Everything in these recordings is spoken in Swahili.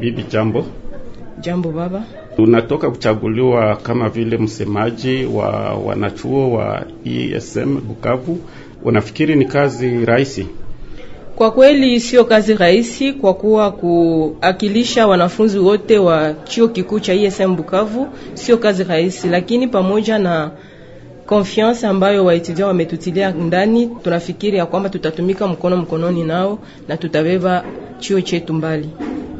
Bibi, jambo. Jambo baba. Unatoka kuchaguliwa kama vile msemaji wa wanachuo wa ESM Bukavu, unafikiri ni kazi rahisi? Kwa kweli sio kazi rahisi, kwa kuwa kuakilisha wanafunzi wote wa chuo kikuu cha ESM Bukavu sio kazi rahisi, lakini pamoja na confiance ambayo waitidia wametutilia ndani, tunafikiri ya kwamba tutatumika mkono mkononi nao na tutabeba chuo chetu mbali.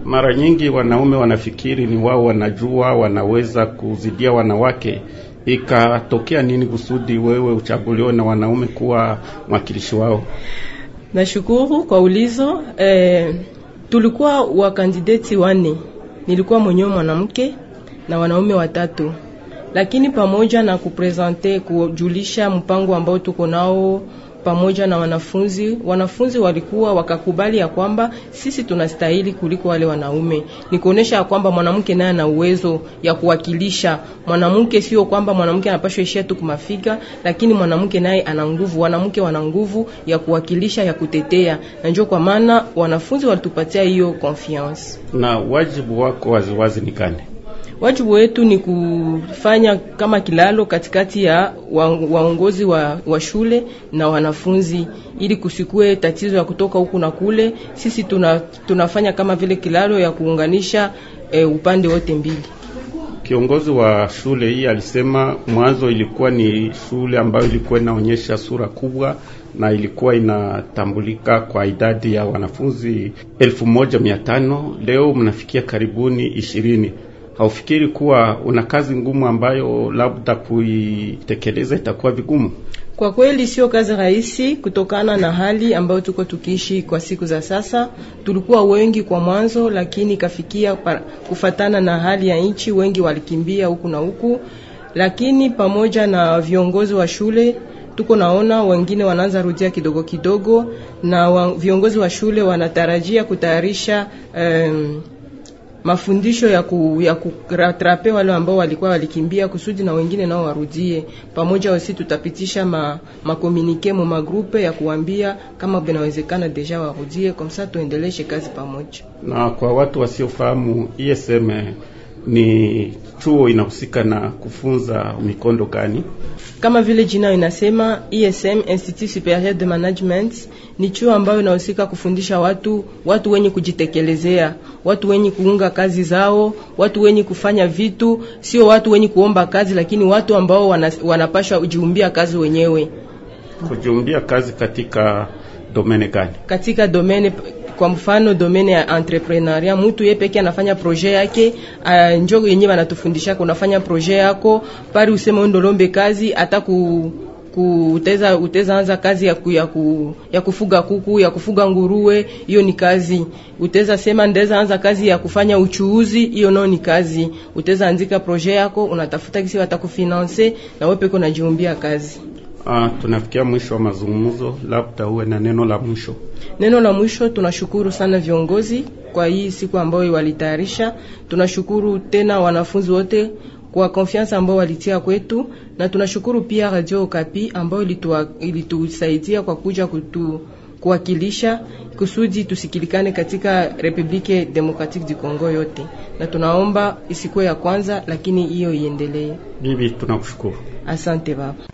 Mara nyingi wanaume wanafikiri ni wao wanajua, wanaweza kuzidia wanawake. Ikatokea nini kusudi wewe uchaguliwe na wanaume kuwa mwakilishi wao? Nashukuru kwa ulizo. Eh, tulikuwa wakandideti wane, nilikuwa mwenyewe mwanamke na wanaume watatu, lakini pamoja na kupresente kujulisha mpango ambao tuko nao pamoja na wanafunzi. Wanafunzi walikuwa wakakubali ya kwamba sisi tunastahili kuliko wale wanaume, ni kuonesha ya kwamba mwanamke naye ana uwezo ya kuwakilisha mwanamke. Sio kwamba mwanamke anapashwa ishia tu kumafika, lakini mwanamke naye ana nguvu, wanamke wana nguvu ya kuwakilisha, ya kutetea, na ndio kwa maana wanafunzi walitupatia hiyo confiance. Na wajibu wako waziwazi ni gani? Wajibu wetu ni kufanya kama kilalo katikati ya waongozi wa, wa shule na wanafunzi, ili kusikue tatizo ya kutoka huku na kule. Sisi tuna, tunafanya kama vile kilalo ya kuunganisha e, upande wote mbili. Kiongozi wa shule hii alisema mwanzo ilikuwa ni shule ambayo ilikuwa inaonyesha sura kubwa na ilikuwa inatambulika kwa idadi ya wanafunzi elfu moja mia tano. Leo mnafikia karibuni ishirini haufikiri kuwa una kazi ngumu ambayo labda kuitekeleza itakuwa vigumu? Kwa kweli sio kazi rahisi, kutokana na hali ambayo tuko tukiishi kwa siku za sasa. Tulikuwa wengi kwa mwanzo, lakini ikafikia kufatana na hali ya nchi, wengi walikimbia huku na huku, lakini pamoja na viongozi wa shule tuko naona wengine wanaanza rudia kidogo kidogo, na wa, viongozi wa shule wanatarajia kutayarisha um, mafundisho ya, ku, ya kuratrape wale ambao walikuwa walikimbia kusudi na wengine nao warudie pamoja. Wasi tutapitisha ma, makomunike mo magrupe ya kuambia kama binawezekana deja warudie komsa, tuendeleshe kazi pamoja na kwa watu wasiofahamu ISM ni chuo inahusika na kufunza mikondo gani? Kama vile jina inasema ESM, Institut Superieur de Management, ni chuo ambayo inahusika kufundisha watu, watu wenye kujitekelezea, watu wenye kuunga kazi zao, watu wenye kufanya vitu, sio watu wenye kuomba kazi, lakini watu ambao wanapashwa kujiumbia kazi wenyewe. Kujiumbia kazi katika domene gani? Katika domene kwa mfano domaine ya entrepreneuria, mtu yeye peke anafanya projet yake, njoo yenye wanatufundisha unafanya projet yako pari useme ndolombe kazi hata ku kuteza uteza anza kazi ya, ku, ya, ku, ya kufuga kuku ya kufuga nguruwe, hiyo ni kazi. Uteza sema ndeza anza kazi ya kufanya uchuuzi, hiyo nao ni kazi. Uteza andika projet yako, unatafuta kisi watakufinanse na wewe peke unajiumbia kazi. Ah, tunafikia mwisho wa mazungumzo, labda uwe na neno la mwisho. Neno la mwisho, tunashukuru sana viongozi kwa hii siku ambayo walitayarisha. Tunashukuru tena wanafunzi wote kwa konfiansa ambayo walitia kwetu, na tunashukuru pia Radio Okapi ambayo ilitusaidia kwa kuja kutu kuwakilisha kusudi tusikilikane katika Republique Democratique du Congo yote, na tunaomba isikuwe ya kwanza, lakini hiyo iendelee. Bibi, tunakushukuru. Asante baba.